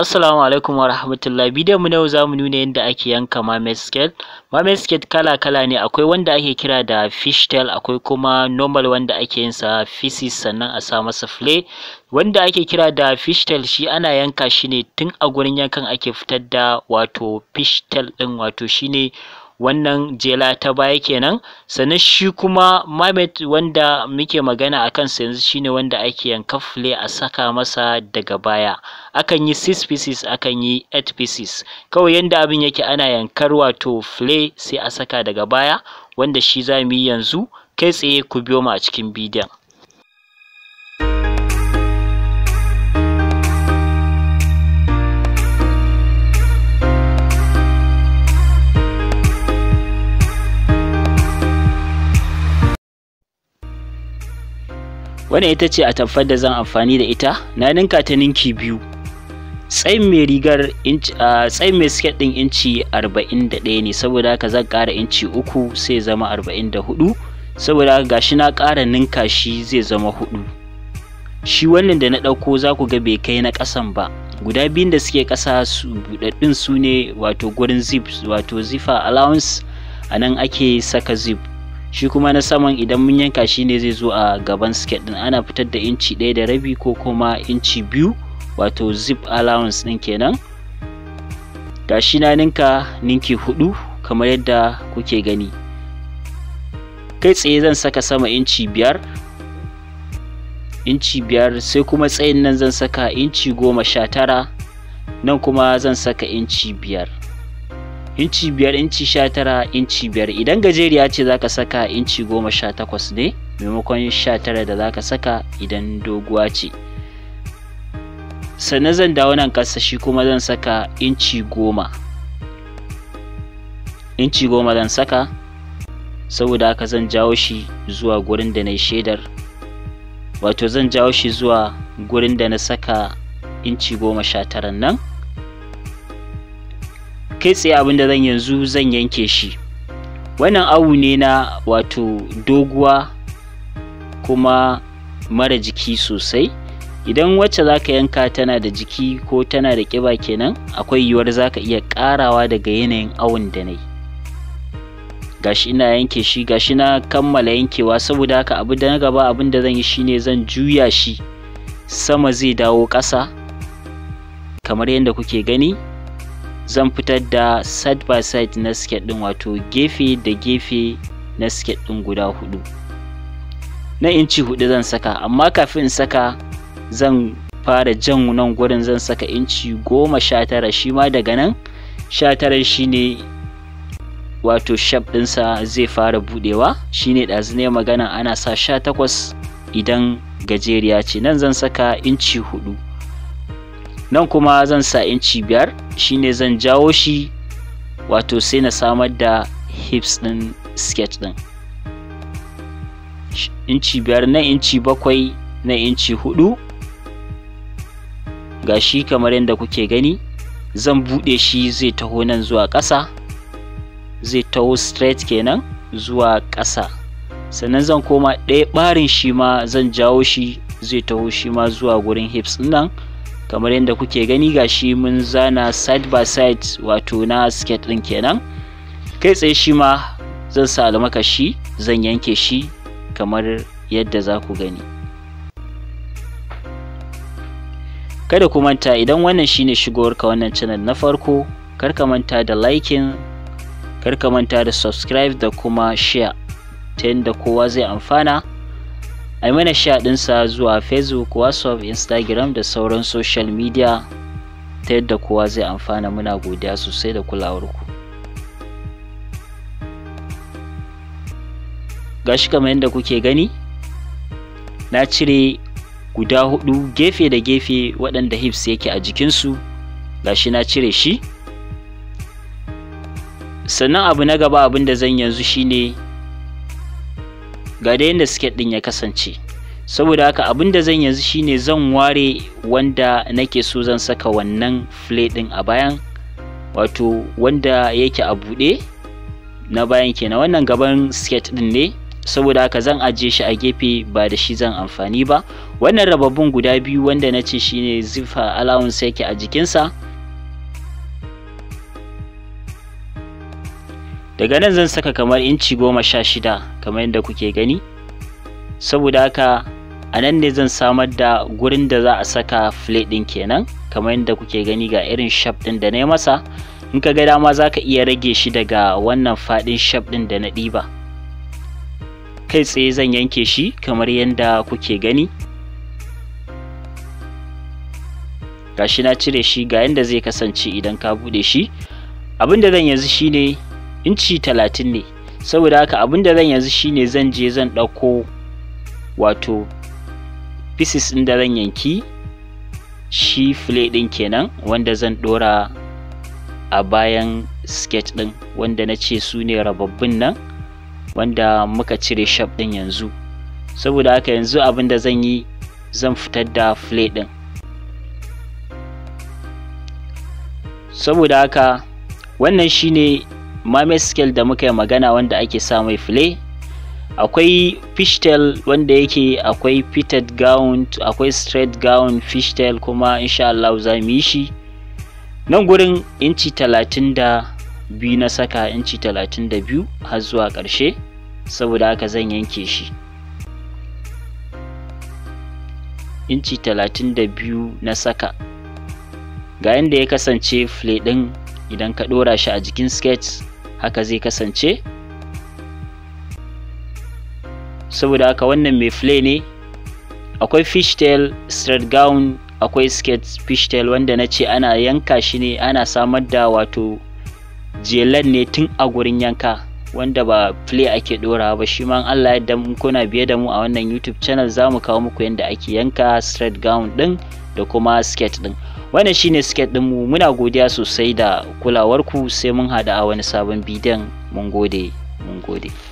Assalamu alaikum wa rahmatullah bidiyon mu na yau zamu nuna yadda ake yanka mermaid scale Mame kala kala ne akwai wanda ake kira da fish tail akwai kuma normal wanda ake yin sa sannan a sa masa wanda ake kira da fish tail shi ana yanka shi ne tun a gurin yankan ake fitar da wato fish tail din wato shine wannan jela ta baya kenan sannan shi kuma mamet wanda muke magana a kansa yanzu shine wanda ake yankan fule a saka masa daga baya akan yi 6 pieces akan yi 8 pieces kawai yanda abin yake ana yankar wato fule sai a saka daga baya wanda shi za mu yi yanzu kai tsaye ku biyo mu a cikin bidiyon wannan ita ce a tamfar da zan amfani da ita na ninka ta ninki biyu tsayin mai rigar tsayin mai siket ɗin inci 41 ne saboda haka zan ƙara inci uku sai zama 44 saboda haka gashi na ƙara ninka shi zai zama hudu shi wannan da na ɗauko za ku ga bai kai na ƙasan ba guda biyun da suke ƙasa su buɗaɗɗun su ne wato gurin zip wato zifa allowance a nan ake saka zip shi kuma na saman idan mun yanka shi ne zai zo a gaban siket din ana fitar da inci ɗaya da rabi ko kuma inci biyu wato zip allowance din kenan gashi na ninka ninki hudu kamar yadda kuke gani kai tsaye zan saka sama inci biyar inci biyar sai kuma tsayin nan zan saka inci goma sha tara nan kuma zan saka inci biyar inci biyar inci sha tara inci biyar idan gajeriya ce zaka saka inci goma sha takwas ne maimakon sha tara da zaka saka idan doguwa ce sannan zan dawo nan ƙasa shi kuma zan saka inci goma inci goma zan saka saboda haka zan jawo shi zuwa gurin da na shaidar wato zan jawo shi zuwa gurin da na saka inci goma sha taran nan kai tsaye abin da zan yanzu zan yanke shi wannan awu ne na wato doguwa kuma mara jiki sosai idan wacce za ka yanka tana da jiki ko tana da ƙiba kenan akwai yiwuwar za ka iya ƙarawa daga yanayin awun da na yi gashi ina yanke shi gashi na kammala yankewa saboda haka abu da na gaba abin da zan yi shine zan juya shi sama zai dawo ƙasa kamar yadda kuke gani zan fitar da side by side na sketch ɗin wato gefe da gefe na sketch ɗin guda hudu na inci hudu zan saka amma kafin saka zan fara jan nan gurin zan saka inci goma sha tara shi ma daga nan sha tara ne wato shaf ɗinsa zai fara budewa shine ɗazu ne magana ana sa sha takwas idan gajeriya ce nan zan saka inci hudu nan kuma zan sa inci biyar shine zan jawo shi wato sai na samar da hips din sketch din inci biyar na inci bakwai na inci hudu ga shi kamar yadda kuke gani zan buɗe shi zai taho nan zuwa kasa zai taho straight kenan zuwa ƙasa sannan zan koma ɗaya ɓarin shi ma zan jawo shi zai taho shi ma zuwa gurin hips nan kamar yadda kuke gani ga shi mun zana side by side wato na skate ɗin kenan kai tsaye shi ma zan sa almakashi zan yanke shi kamar yadda za ku gani kada ku manta idan wannan shine shigowarka wannan channel na farko kar ka manta da liking kar ka manta da subscribe da kuma share ta yadda kowa zai amfana a yi mana shaɗinsa zuwa facebook whatsapp instagram da sauran social media ta yadda kowa zai amfana muna godiya sosai da kulawarku shi kamar yadda kuke gani na cire guda hudu gefe da gefe waɗanda hips yake a jikinsu Ga shi na cire shi sannan abu na gaba abin da zan yanzu shine ga da yadda siket ɗin ya kasance saboda haka abin da zan yanzu shine zan ware wanda nake so zan saka wannan flay ɗin a bayan wato wanda yake a buɗe na bayan kenan wannan gaban siket ɗin ne saboda haka zan ajiye shi a gefe ba da shi zan amfani ba wannan rababbun guda biyu wanda na ce shine zifa allowance yake a jikinsa daga nan zan saka kamar inci goma sha shida kamar yadda kuke gani saboda haka a nan ne zan samar da gurin da za a saka plate ɗin kenan kamar yadda kuke gani ga irin shaf ɗin da na yi masa in ka ga dama za ka iya rage shi daga wannan faɗin shaf ɗin da na ɗiba kai tsaye zan yanke shi kamar yadda kuke gani gashi na cire shi ga yadda zai kasance idan ka buɗe shi abin da zan yanzu shine inci talatin ne saboda haka abin da zan yanzu shine zan je zan ɗauko wato pieces ɗin da zan yanki shi fillet ɗin kenan wanda zan ɗora a bayan sketch ɗin wanda na ce su ne rababbin nan wanda muka cire shaf ɗin yanzu saboda haka yanzu abin da zan yi zan fitar da fillet ɗin saboda haka wannan shine mermaid scale da muka yi magana wanda ake sa mai file akwai fishtail wanda yake akwai fitted gown akwai straight gown fishtail kuma insha Allah za mu yi shi nan gurin inci 32 na saka inci 32 har zuwa ƙarshe saboda haka zan yanke shi inci 32 na saka ga yadda ya kasance fle ɗin idan ka ɗora shi a jikin skates. haka zai kasance saboda haka wannan mai fle ne akwai fishtail straight gown akwai skirt fishtail wanda na ce ana yanka shi ne ana samar da wato jelan ne tun a gurin yanka wanda ba fle ake dora ba shi ma Allah ya kuna biye da mu a wannan YouTube channel mu kawo muku yadda ake yanka straight gown din da kuma skate din wannan shine skate din mu muna godiya sosai da kulawarku sai mun hada a wani sabon bidiyon mun gode mun gode